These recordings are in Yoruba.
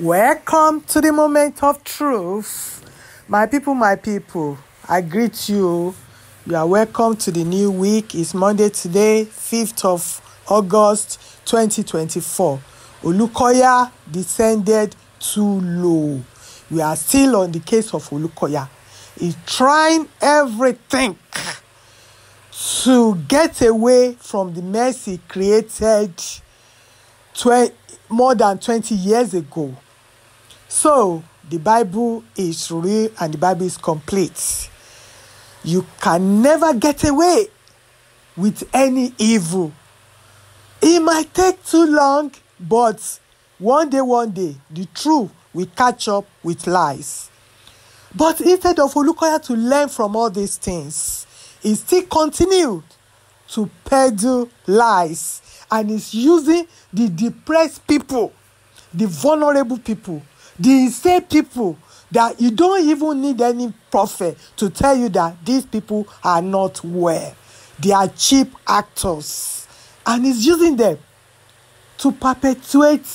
Welcome to the moment of truth. My people, my people, I greet you. You are welcome to the new week. It's Monday today, 5th of August 2024. Olukoya descended too low. We are still on the case of Olukoya. He's trying everything to get away from the mess he created more than 20 years ago. So, the Bible is real and the Bible is complete. You can never get away with any evil. It might take too long, but one day, one day, the truth will catch up with lies. But instead of Olukoya to learn from all these things, he still continued to peddle lies and is using the depressed people, the vulnerable people, the same people that you don't even need any prophet to tell you that these people are not well they are cheap actors and he's using them to perpetuate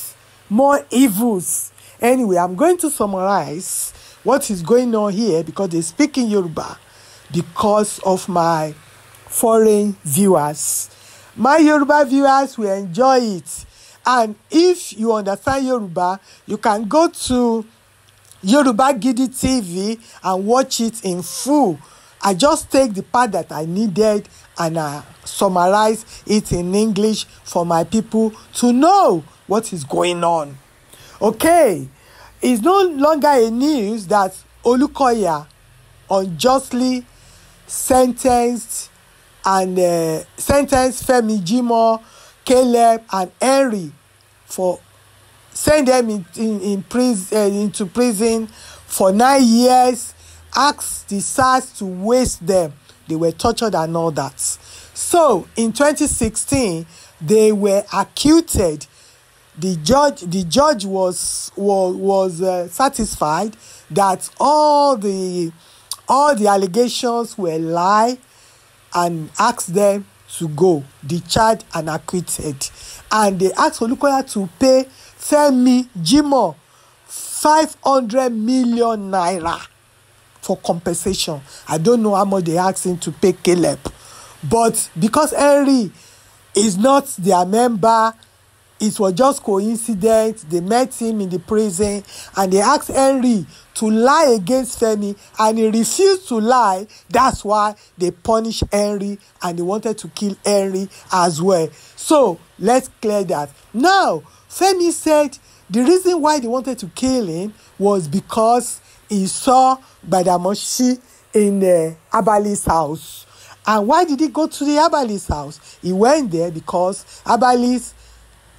more evils anyway i'm going to summarize what is going on here because they speak in yoruba because of my foreign viewers my yoruba viewers will enjoy it And if you understand Yoruba, you can go to Yoruba Gidi TV and watch it in full. I just take the part that I needed and I summarize it in English for my people to know what is going on. Okay, it's no longer a news that Olukoya unjustly sentenced and uh, sentenced Femi Jimo. Caleb and Henry for send them in, in, in prison, uh, eh, into prison for nine years asked the SARS to waste them they were tortured and all that so in 2016 they were acquitted the judge the judge was was, was uh, satisfied that all the all the allegations were lie and asked them to go the charged and acquitted and they asked Olukoya to pay Femi Jimoh five hundred million naira for compensation I don't know how much they asked him to pay Caleb but because Henry is not their member it was just coincidence they met him in the prison and they asked Henry to lie against Femi and he refused to lie. That's why they punished Henry and they wanted to kill Henry as well. So let's clear that. Now, Femi said the reason why they wanted to kill him was because he saw Gbadamoshi in uh, Abali's house. And why did he go to the Abali's house? He went there because Abali's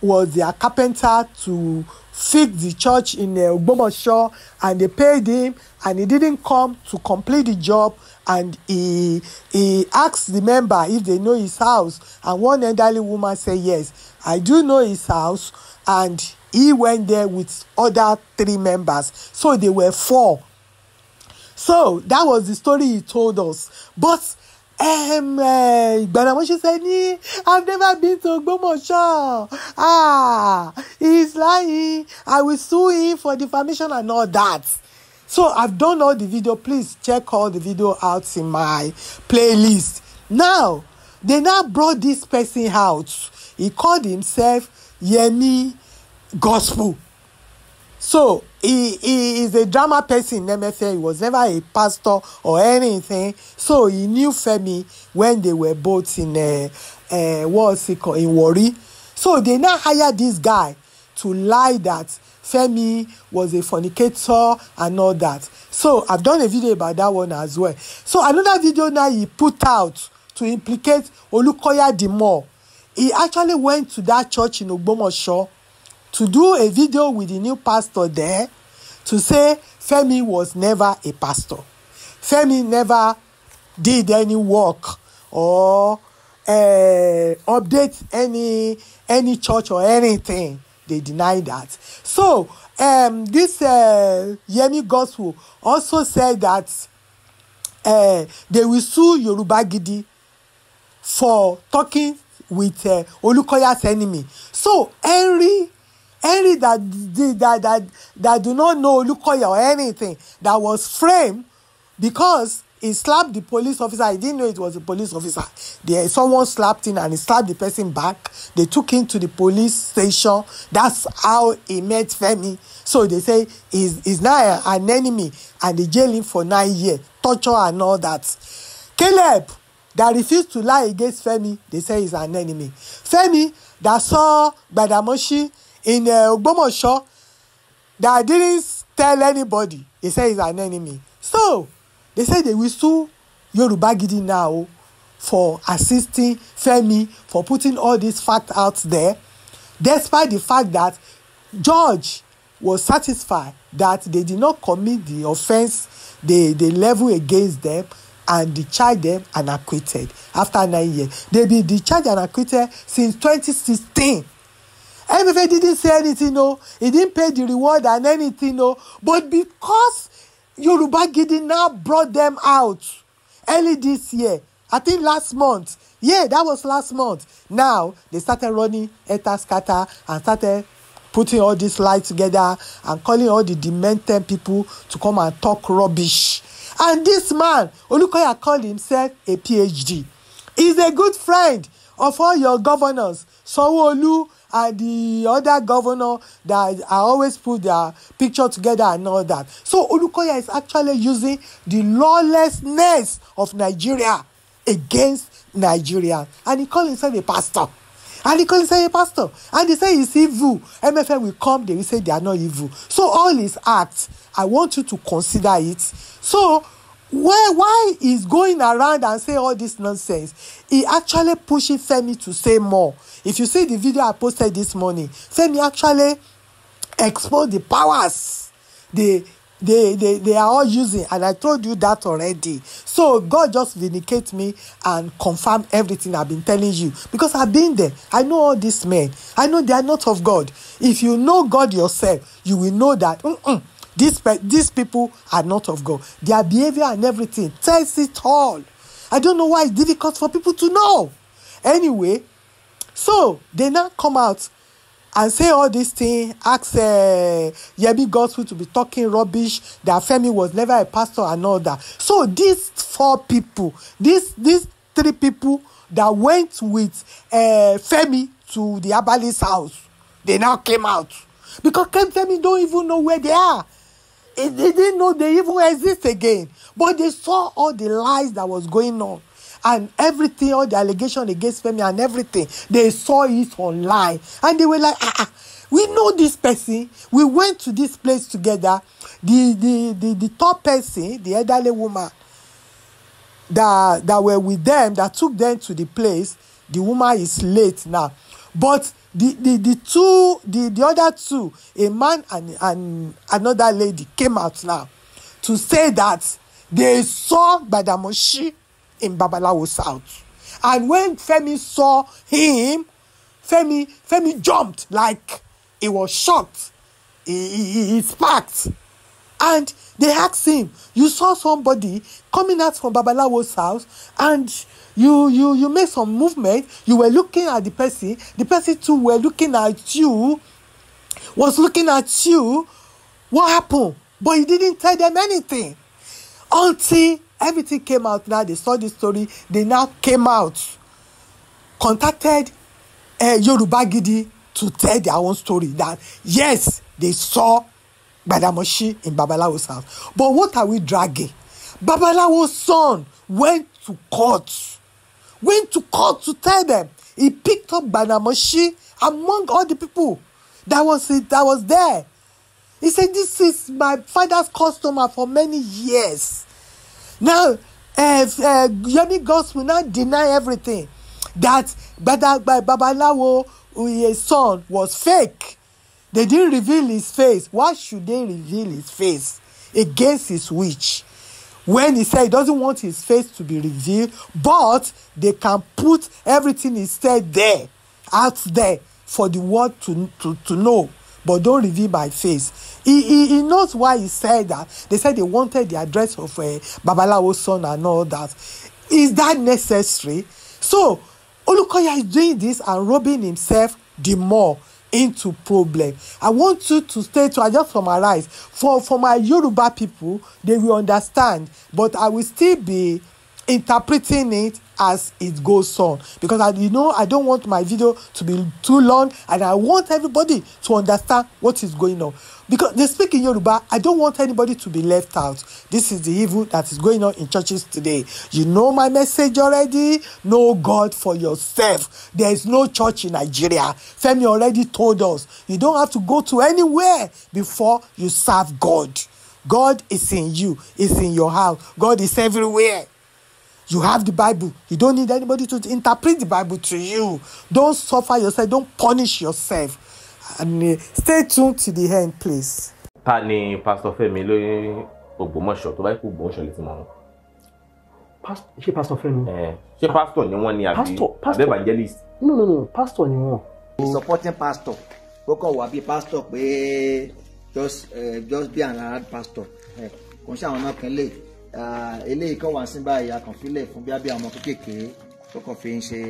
was their carpenter to fix the church in uh, Ogbomoso and they paid him and he didn't come to complete the job and he he asked the member if they know his house and one elderly woman said yes I do know his house and he went there with other three members so they were four so that was the story he told us but um, uh, Gbanamoshi said, I've never been to Ogbomoso. Ah, he's lying. I will sue him for defamation and all that. So I've done all the video. Please check all the video out in my playlist. Now, they now brought this person out. He called himself Yemi Gospel. So he he is a drama person in MFA. He was never a pastor or anything. So he knew Femi when they were both in a uh, uh what's it called in Warri. So they now hire this guy to lie that Femi was a fornicator and all that. So I've done a video about that one as well. So another video now he put out to implicate Olukoya Dimo. He actually went to that church in Ogbomoso to do a video with the new pastor there to say Femi was never a pastor. Femi never did any work or uh, update any any church or anything. They deny that. So um, this uh, Yemi Gospel also said that uh, they will sue Yoruba Gidi for talking with uh, Olukoya's enemy. So Henry any that did that that that do not know Olukoya or anything that was framed because he slapped the police officer he didn't know it was a police officer there someone slapped him and he slapped the person back they took him to the police station that's how he met Femi so they say he's he's now an enemy and they jail him for nine years torture and all that Caleb that refused to lie against Femi they say he's an enemy Femi that saw Gbadamoshi in uh, eh, Ogbomoso that didn't tell anybody they say he's an enemy so they say they will sue Yoruba Gidi now for assisting Femi for putting all these facts out there despite the fact that George was satisfied that they did not commit the offence they they level against them and discharge them and acquitted after nine years they been discharged and acquitted since 2016 MFA didn't say anything, no. He didn't pay the reward and anything, no. But because Yoruba Gidi now brought them out early this year, I think last month, yeah, that was last month. Now they started running Eta Scatter and started putting all this lie together and calling all the demented people to come and talk rubbish. And this man, Olukoya called himself a PhD. He's a good friend of all your governors, Sawolu. olu and the other governor that I always put their picture together and all that. So Olukoya is actually using the lawlessness of Nigeria against Nigeria and he call himself a pastor and he call himself a pastor and he say he's evil MFM will come they will say they are not evil so all his acts I want you to consider it so why why is going around and say all this nonsense he actually pushing femi to say more if you see the video i posted this morning femi actually exposed the powers they they they they are all using and i told you that already so god just vindicate me and confirm everything i've been telling you because i've been there i know all these men i know they are not of god if you know god yourself you will know that mm -mm, these, these people are not of God. Their behavior and everything tells it all. I don't know why it's difficult for people to know. Anyway, so they now come out and say all these things, ask uh, eh, Yebi Gospel to be talking rubbish, that Femi was never a pastor and all that. So these four people, these, these three people that went with uh, Femi to the Abali's house, they now came out. Because Femi don't even know where they are. He didn't know they even exist again. But they saw all the lies that was going on and everything, all the allegation against Femi and everything. They saw it online. And they were like, ah, ah, we know this person. We went to this place together. The the the, the top person, the elderly woman that that were with them, that took them to the place. The woman is late now. But the the the two the the other two a man and and another lady came out now to say that they saw Gbadamoshi in Babalawo South and when Femi saw him Femi Femi jumped like he was shocked he he he sparked and They asked him, You saw somebody coming out from Babalawo's house and you you you made some movement, you were looking at the person, the person too were looking at you, was looking at you. What happened? But he didn't tell them anything until everything came out now they saw the story they now came out contacted uh, eh, Yoruba Gidi to tell their own story that yes they saw Badamasi in Babalawo's house. But what are we dragging? Babalawo's son went to court, went to court to tell them he picked up Badamasi among all the people that was that was there. He said, "This is my father's customer for many years." Now, uh, eh, uh, eh, Yemi Gospel now deny everything that Bada, Babalawo, his eh, son, was fake. They didn't reveal his face. Why should they reveal his face against his wish? When he said he doesn't want his face to be revealed, but they can put everything he said there, out there, for the world to, to, to know, but don't reveal my face. He, he, he knows why he said that. They said they wanted the address of uh, eh, Babalawo's son and all that. Is that necessary? So, Olukoya is doing this and robbing himself the more. into problem i want you to stay to adjust for my eyes. for for my yoruba people they will understand but i will still be interpreting it as it goes on because I you know I don't want my video to be too long and I want everybody to understand what is going on because they speak in Yoruba I don't want anybody to be left out this is the evil that is going on in churches today you know my message already know God for yourself there is no church in Nigeria Femi already told us you don't have to go to anywhere before you serve God God is in you is in your house God is everywhere You have the Bible. You don't need anybody to interpret the Bible to you. Don't suffer yourself. Don't punish yourself. And uh, stay tuned to the end, please. Ta ni Pastor Femi lóyún Ògbómọ̀ṣọ́ tó bá kú Ògbómọ̀ṣọ́ létí mọ́ wọn? Ṣé Pastor Femi? Ṣé pastor ni wọ́n ni àbí àbí evangelist? No no no pastor ni wọ́n. He supporting pastor. Ó kàn wá pastor pé just uh, just be an alright pastor. Eh, kò ń ṣe àwọn ọmọ kan léyìí. Ah, eléyìí kọ́ wá sí báyìí a fún bí abẹ́ àwọn kékèké tó kàn fi ń ṣe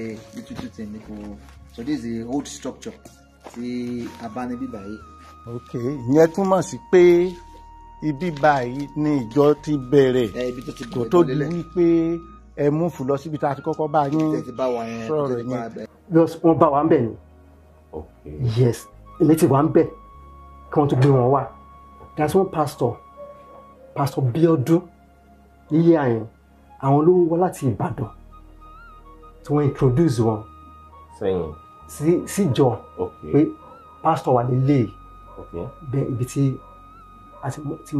tútù tì ní kò so this is the old structure tí a yìí. ok ìyẹn túmọ̀ sí pé ibi báyìí ni ìjọ ti bẹ̀rẹ̀ kò tó di wípé ẹ mú fún lọ síbi tá a ti kọ́kọ́ bá yín sọ̀rọ̀ yẹn. wọ́n bá wa ń bẹ̀ ni yes èmi ti wà ń bẹ̀ kí wọ́n tún gbé wọn wá that's one pastor pastor Bíọ́dún níyé àyàn àwọn olówó wá láti Ìbàdàn tí wọ́n introduce wọn síjọ pé pásítọ̀ wà nílé bẹ́ẹ̀ ibi tí tí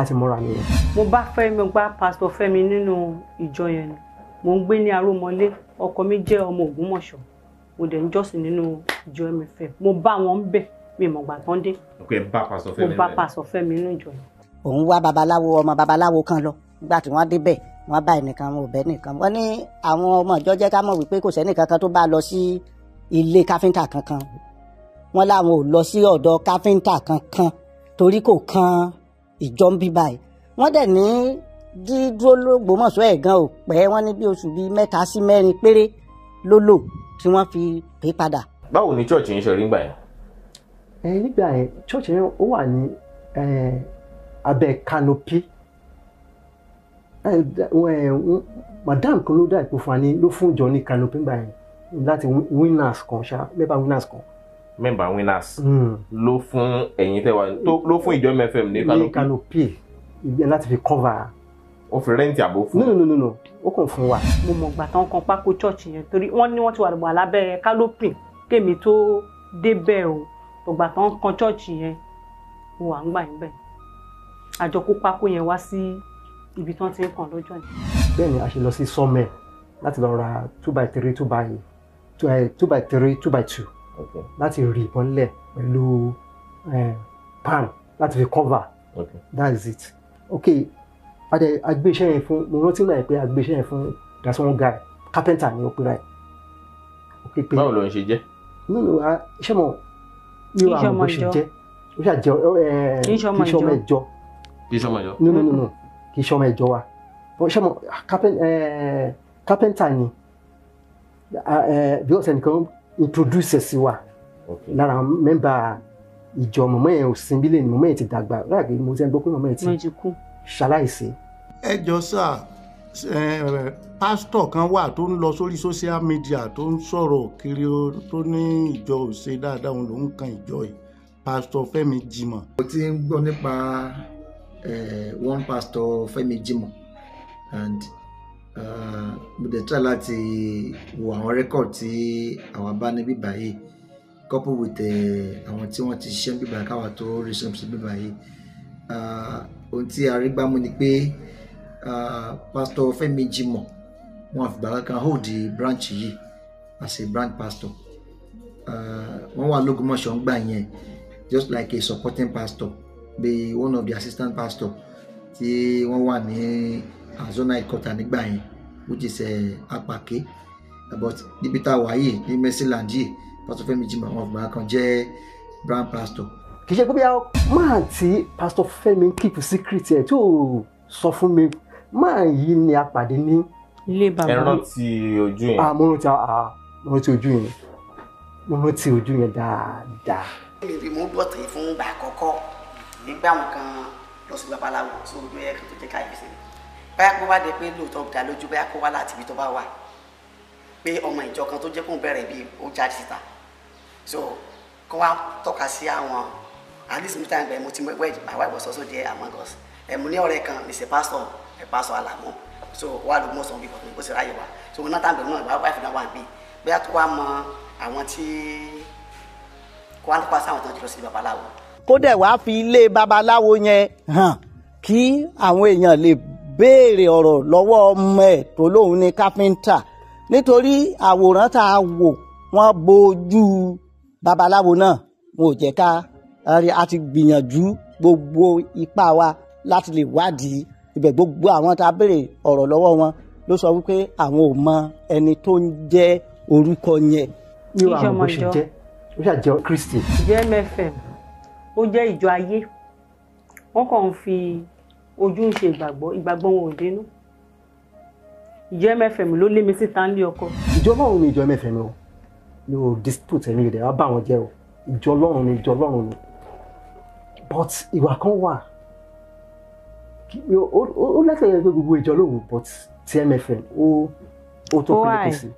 a ti mọ́ra nìyẹn. mo bá Fẹ́mi mo gbá pásítọ̀ Fẹ́mi nínú ìjọ yẹn ni mo ń gbé ní Arúmọlé ọkọ mi jẹ́ ọmọ Ògbómọ̀ṣọ́ mo dẹ̀ ń jọ́sìn nínú ìjọ MFM mo bá wọn ń bẹ̀ mi mọ̀ gbà tán dé. mo bá pásítọ̀ Fẹ́mi nínú ìjọ yẹn. òun wá babaláwo ọmọ babaláwo kan lọ gbà tí wọ́n débẹ̀ wọ́n bá ẹnìkan wọn ò bẹ́ nìkan wọ́n ní àwọn ọmọ ìjọ jẹ́ ká mọ̀ wípé kò sẹ́nìkan kan tó bá lọ sí ilé káfíńtà kankan wọ́n láwọn ò lọ sí ọ̀dọ̀ káfíńtà kankan torí kò kan ìjọ ń bí báyìí wọ́n dẹ̀ ní dídúró lógbòmọ̀ṣọ́ ẹ̀ gan ò pẹ́ wọ́n ní bí oṣù bíi mẹ́ta sí mẹ́rin péré ló lò tí wọ́n fi pè padà. báwo ni church yẹn ṣe rí gbà yẹn. ẹ nígbà yẹn church yẹn ó wà ní abẹ́ canopy madam kan ló dá ìpò fani ló fún ìjọ ní canopy gbà yẹn láti winners kan ṣá mẹ́bà winners kan. mẹ́bà winners hmm. ló fún ẹ̀yin tẹ́wà ló fún ìjọ MFM ní canopy. ní canopy láti fi cover o fi rẹ́ǹtì àbò fún. nínú nínú nínú ó kàn fún wa. mo mọ̀ gbà tán kan pákó chọ́ọ̀chì yẹn torí wọ́n ní wọ́n ti wà lọ́gbà lábẹ́ kálópìn kémi tó débẹ̀ o ọ̀gbà tán kan chọ́ọ̀chì yẹn wà ń gbà yín bẹ̀ àjọ kó pákó yẹn wá sí ibi tí wọ́n ti ń kàn lọ́jọ́ ni. bẹ́ẹ̀ ni a ṣe lọ sí sọ́mẹ̀ láti lọ ra two by three two by two eh, by three two by two láti rí ìbọn lẹ̀ pẹ̀lú eh, pan láti fi cover okay. that is it ok agbé iṣẹ́ yẹn fún mo rántí náà pé agbé iṣẹ́ yẹn fún that's one guy carpenter ni ó pera ẹ̀ pípé. báwo ló ń ṣe jẹ́. nínú iṣẹ́ mọ̀ yóò àwọn bó ṣe jẹ́ ó ṣàjẹ́ kí iṣẹ́ ọmọ ìjọ. kí iṣẹ́ ọmọ ìjọ kì í ṣe ọmọ ìjọ wa ṣé mo kápẹ́ntà ah, eh, ni ah, eh, bí ọ̀sẹ̀ nìkan introduce ẹ̀ sí wa lára mẹ́mbà ìjọ mọ̀mọ́ yẹn ò sinbi lè ní mọ̀mọ́ yẹn ti dàgbà ráàgì mo ti gbọ́ pé mọ̀mọ́ yẹn ti ṣaláìsí. ẹ jọ sáà pásítọ̀ kan wà tó ń lọ sórí social media tó ń sọ̀rọ̀ kiri tó ní ìjọ ò ṣe dáadáa òun ló ń kan ìjọ yìí pásítọ̀ Fẹ́mi Jimoh. mo ti ń gbọ́ nípa uh, one pastor Femi Jimo, and uh, mo dẹ̀ try láti wo àwọn record tí àwa bá ní bíbá couple with eh, àwọn tí wọ́n ti ṣiṣẹ́ bíbá káwa tó reason sí bíbá yìí uh, ohun tí a rí gbámú ni pé uh, pastor Fẹ́mi Jimoh wọn àfìgbà kankan hold the branch yìí as a branch pastor wọ́n wà lógúnmọ̀ṣọ́ ń gbà yẹn just like a supporting pastor bíi one of the assistant pastor tí wọ́n wà ní azona ìkọta nígbà yẹn which is eh, apàké but níbi tá a wà yìí ní mercyland yìí pastor Femi Jimoh of ọgbà kan brown pastor. kì í ṣe pé bí a máa tí pastor Fẹ́mi keep secret ẹ tí ò sọ fún mi máa yìí ni a pàdé ní. ilé bàbá ẹran ti ojú yẹn. àmọ́ mo rántí ojú yẹn mo rántí ojú yẹn dáadáa. mo ń bọ̀ tí fún ìgbà àkọ́kọ́ gbígbà wọn kan lọ sí babaláwo tó ojú ẹ̀ kan tó jẹ́ káyé sí báyà kó wá dé pé lóòótọ́ dá lójú báyà kó wá láti ibi tó bá wà pé ọmọ ìjọ kan tó jẹ́ kó bẹ̀rẹ̀ bí ó jáde síta so kó wá tọ́ka sí àwọn at least mr ngbe mo ti mọ wẹ́ẹ̀dì my wife was also there among us ẹ̀ mo ní ọ̀rẹ́ kan mr pastor ẹ̀ pastor alamu so wà ló mọ̀ sọ̀rọ̀ bí bọ̀ ó sì ráyè wá so mo náà tàbí náà my wife náà wà níbí bóyá tó wá mọ àwọn tí kó wá ń tọ́ka kó dẹ̀ wá fi ilé babaláwo yẹn hàn kí àwọn èèyàn lè béèrè ọ̀rọ̀ lọ́wọ́ ọmọ ẹ̀ tó lóun ní káfíńtà nítorí àwòrán tá a wò wọ́n bojú babaláwo náà wọn ò jẹ́ ká a ti gbìyànjú gbogbo ipá wa láti lè wádìí ibẹ̀ gbogbo àwọn tá a béèrè ọ̀rọ̀ lọ́wọ́ wọn ló sọ wípé àwọn ò mọ ẹni tó ń jẹ́ orúkọ yẹn. yóò ṣe jẹ́ ó ṣàjẹ́ Kristi. jẹ́ mẹ́fẹ̀ẹ́ ó jẹ́ ìjọ ayé wọ́n kàn ń fi ojú ń ṣe ìgbàgbọ́ ìgbàgbọ́ wọn ò dénú ìjọ mfm ló lé mi síta ń lé ọkọ. ìjọ ọlọ́run ni ìjọ mfm o mi ò dispute ẹ̀mí rẹ̀ wá bá wọn jẹ́ o ìjọ ọlọ́run ni ìjọ ọlọ́run ni but ìwà kan wà ó lẹ́sẹ̀ yẹn pé gbogbo ìjọ lòun but ti mfm ó ó tó pélékè sí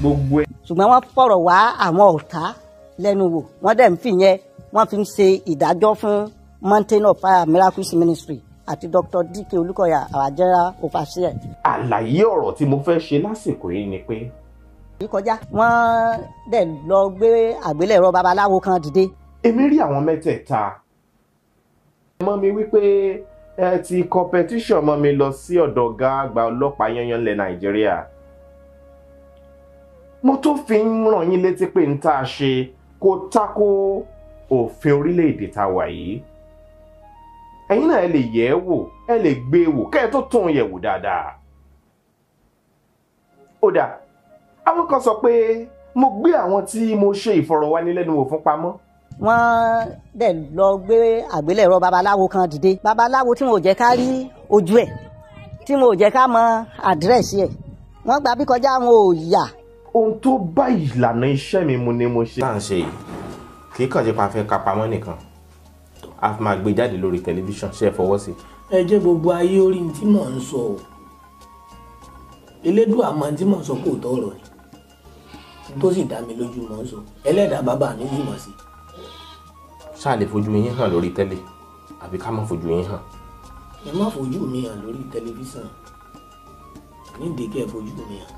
gbogbo ẹ. ṣùgbọ́n wọ́n fọ̀rọ̀ wá àwọn ọ̀tá lẹ́nu wò wọ́n dẹ̀ ń fìyẹn wọ́n fi ń ṣe ìdájọ́ fún mountain of fire miracles ministry àti dr dk olùkọ́yà our general overseer. àlàyé ọ̀rọ̀ tí mo fẹ́ ṣe lásìkò yìí ni pé. yìí kọjá wọ́n dẹ̀ lọ gbé àgbélẹ̀rọ babaláwo kan dìde. èmi rí àwọn mẹ́tẹ̀ẹ̀ta mọ́ mi wípé ẹ ti competition mọ́ mi lọ sí ọ̀dọ̀ ọ̀gá àgbà ọlọ́pàá yanyan lẹ̀ nàìjíríà mo tún fi ń ràn yín létí pé n tá ṣe kó tako òfin orílẹ̀-èdè tá a wà yìí ẹ̀yin náà ẹ lè yẹ̀ ẹ́ wò ẹ lè gbé e wò kẹ́ ẹ tó tún yẹ̀ wò dáadáa. ó dà àwọn kan sọ pé mo gbé àwọn tí mo ṣe ìfọ̀rọ̀wánilẹ́nuwò fún pamọ́ wọ́n dẹ̀ lọ gbé àgbélẹ̀rọ babaláwo kan dìde babaláwo tí wọn ò jẹ́ ká rí ojú ẹ̀ tí wọn ò jẹ́ ká mọ àdírẹ́sì ẹ̀ wọ́n gbà bí kọjá wọn ò yà. ohun tó bá ìlànà iṣẹ́ mi mu ni mo ṣe. tá kì í kàn jẹ́ pa fẹ́ ka pamọ́ nìkan a máa gbé jáde lórí tẹlifíṣàn ṣe é fọwọ́ sí. ẹ jẹ́ gbogbo ayé orí tí mò ń sọ o elédùà máa tí mò ń sọ kò tọrọ ni tó sì dá mi lójú mò ń sọ ẹlẹ́dàá bàbá mi yìí mọ̀ sí. ṣáà lè fojú yín hàn lórí tẹ́lẹ̀ àbí ká má fojú yín hàn. ẹ má fojú mi hàn lórí tẹlifíṣàn nídìí kẹ́ ẹ fojú mi hàn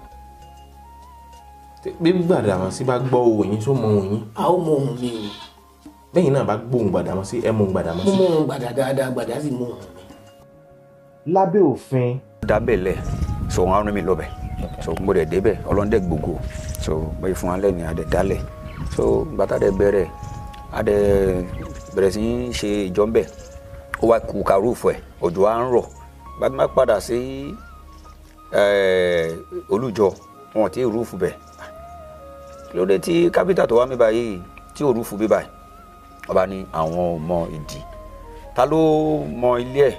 bébí Gbàdàmọ́sí bá gbọ́ òun yín tó mọ òun yín. a ó mọ òun mi o. bẹ́yìn náà bá gbóhùn Gbàdàmọ́sí ẹ mọ òun Gbàdàmọ́sí. mo mọ òun gbàdà dáadáa gbàdà sì mọ òun mi. lábẹ́ òfin. dábẹ́lẹ̀ so wọn rún mi lọ so mo dẹ̀ débẹ̀ ọlọ́ndẹ̀ gbogbo so bẹ́ẹ̀ fún alẹ́ ni adẹ̀ dálẹ̀ so bàtà dẹ̀ bẹ̀rẹ̀ adẹ̀ bẹ̀rẹ̀ sí í ṣe ìjọ́ńbẹ̀ ó wá kú karúfù ẹ̀ òjò á ń wọn ti rúfù bẹ́ẹ̀ kí ló dé tí kápítà tó wá mi báyìí tí òru fún bíbá yìí ọba ní àwọn ò mọ ta ló mọ ilé ẹ̀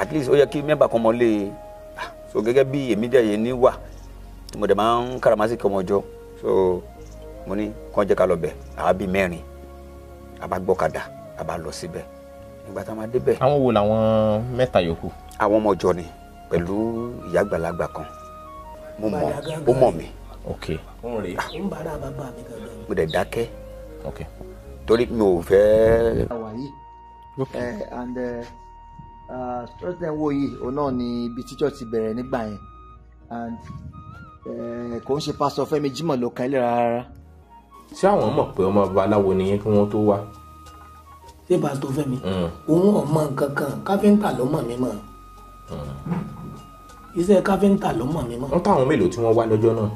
at least ó yẹ kí mẹ́bà kan mọ lé e ah, so gẹ́gẹ́ bí èmi dẹ̀ yé ní wà tí mo dẹ̀ máa ń kàràmásìkì ọmọ ọjọ́ so mo ní kàn jẹ́ ká lọ bẹ̀ àwa bíi mẹ́rin àbá gbọ́kadà àbá lọ síbẹ̀ nígbà tá a máa débẹ̀. àwọn wo làwọn mẹ́ta yòókù. àwọn ọmọ ọjọ́ ni pẹ̀lú ìyá àgbàlagbà kan mo mọ̀ ó mọ̀ mi ok n bàrà bàbá mi gangan. mo dẹ̀ dákẹ́ torí mi ò fẹ́. Eh, and church ten wo yìí òun náà ni ibi tí church ti bẹ̀rẹ̀ nígbà yẹn and eh, kò ń ṣe pásítọ̀ Fẹ́mi Jímọ̀ ló kan ilé rárá. ṣé àwọn mọ̀ pé ọmọ babaláwo nìyẹn kí wọ́n tó wá. ṣé pásítọ̀ Fẹ́mi mm. òun ọmọ nǹkan kan káfíńtà ló mọ̀ mí mọ̀ mm. iṣẹ́ káfíńtà ló mọ̀ mí mọ̀. wọ́n táwọn mélòó tí wọ́n wá lọ́jọ́ náà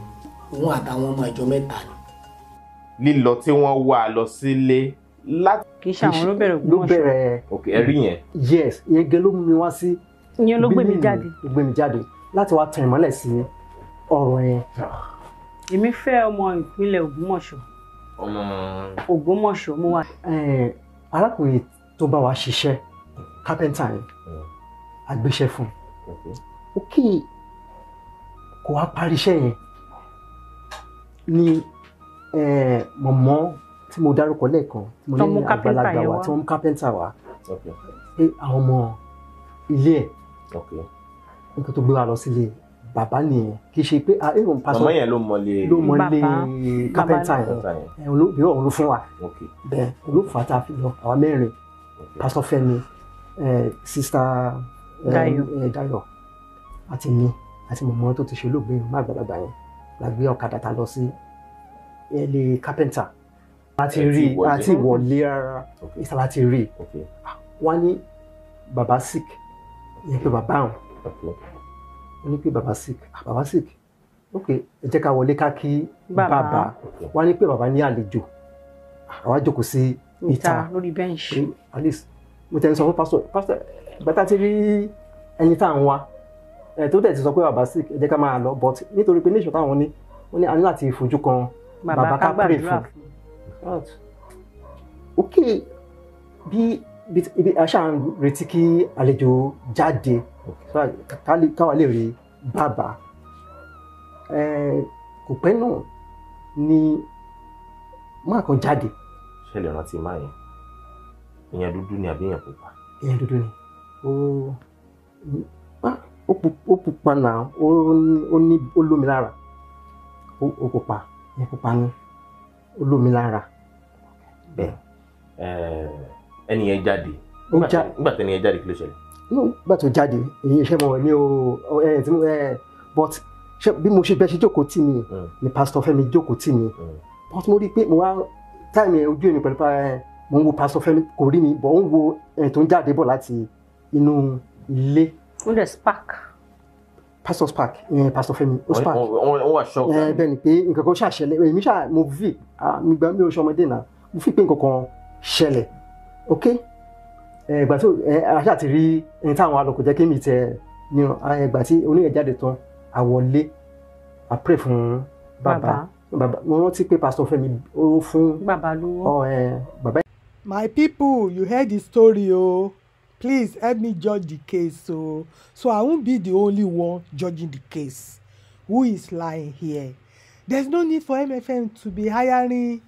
òun àtàwọn ọmọ ìjọ mẹ́ta ni. lílọ tí wọ́n wà lọ sílé láti. kì í ṣàwọn ló bẹ̀rẹ̀ ògùn ọ̀ṣọ́ ló bẹ̀rẹ̀ òkè ẹ̀rí yẹn. yes ìyẹn gẹ ló mú mi wá sí. ìyẹn ló gbé mi jáde. ló gbé mi jáde láti wá tan ìmọ́lẹ̀ sí ọ̀rọ̀ yẹn. èmi fẹ́ ọmọ ìpínlẹ̀ Ògbómọ̀ṣọ́. ọmọ. Ògbómọ̀ṣọ́ mo wà. arákùnrin tó bá wa ṣiṣẹ́ kápẹ́ńtà yẹn hmm. agbéṣẹ́ fún un. ó kì í kò wá parí iṣẹ́ yẹn ni mọ̀mọ́ tí mo dárúkọ lẹ́ẹ̀kan tí mo ní àgbàlagbà wa tí wọ́n mú kápẹ́ńtà wa pé àwọn ọmọ ilé ẹ̀ nǹkan tó gbé wa lọ sílé bàbá nìyẹn kì í ṣe pé ah ẹ̀rọ pàṣọ mọ̀mọ́ yẹn ló mọ̀lé ló mọ̀lé kápẹ́ńtà yẹn olóbìnrin ọ̀hún ló fún wa bẹ́ẹ̀ ló fà tá a fi lọ àwa mẹ́rin pásọ Fẹ́mi sista Dayọ̀ àti mi àti mọ̀mọ́ tó ti ṣe olóògbé yẹn má àgbàlagbà yẹn la gbé ọ̀kadà ta lọ sí ilé kápẹ́ńtà láti rí àti ìwọlé ara ìsàlá ti rí wọ́n ní baba sick yẹn pé baba àwọn wọ́n ní pé baba sick ah, baba sick ok ẹ jẹ́ ká wọlé ká kí bàbá wọ́n ní pé baba ní àlejò ah, àwa jókòó sí ìta lórí bẹ́ǹṣì at least mo tẹ́ ń sọ fún pásítọ̀ pásítọ̀ bàtà ti rí ẹni tá à ń wá ẹ tó dẹ̀ ti sọ pé bàbá sick jẹ́ ká máa lọ but nítorí pé níṣọ́ táwọn ní wọ́n ní a ní láti fojú kan bàbá ká pray fún ok bí ibi àṣà ń retí kí àlejò jáde káwa lè rí bàbá kò pẹ́ náà ni máa kan jáde. ṣé rántí máa yẹn èèyàn dúdú ni àbí èèyàn pupa. èèyàn dúdú ni ó ó pupa náà ó ní ó lómi lára ó pupa ní pupa ní ó lómi lára bẹ́ẹ̀. ẹni yẹn jáde nígbà tí ẹni yẹn jáde kí ló ṣẹlẹ̀. nígbà tó jáde èyí iṣẹ́ mọ̀ ní o ẹ ẹ ti mú ẹ but ṣe bí mo ṣe bẹ ṣe jókòó tì mí mm. ni pásítọ̀ Fẹ́mi jókòó tì mí mm. but mo rí i pé mo wá táìmì ojú èmi pẹ̀lú mo ń wo pásítọ̀ Fẹ́mi kò rí mi bọ̀ ó ń wo ẹni tó ń jáde bọ̀ láti inú ilé wọ́n spark. pastor spark eh, pastor Fẹ́mi ó spark wọ́n wà ṣọ́ọ̀kì. ẹ bẹ́ẹ̀ ni pé nǹkan kan ṣàṣẹlẹ̀ èmi ṣà mo fi gbà mí oṣù ọmọdé náà mo fi pé nǹkan kan ṣẹlẹ̀ ok ìgbà tó aṣá ti rí ẹni táwọn alọ kò jẹ́ kí mi tẹ ìgbà tí oníyẹn jáde tán àwọlé a pray fún bàbá bàbá mo rántí pé pastor Fẹ́mi ó fún bàbá lówó. my people you heard the story o. Oh please help me judge the case so so i won't be the only one judging the case who is lying here there's no need for mfm to be hiring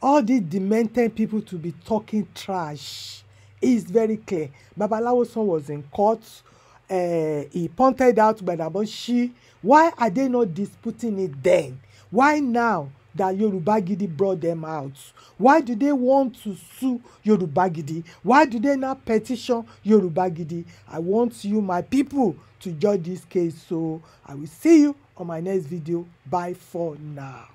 all these demented people to be talking trash it's very clear babalawo son was in court uh, he pointed out gbadaboshi why are they not disputing it then why now that Yorubagidi brought them out? Why do they want to sue Yorubagidi? Why do they not petition Yorubagidi? I want you, my people, to judge this case. So I will see you on my next video. Bye for now.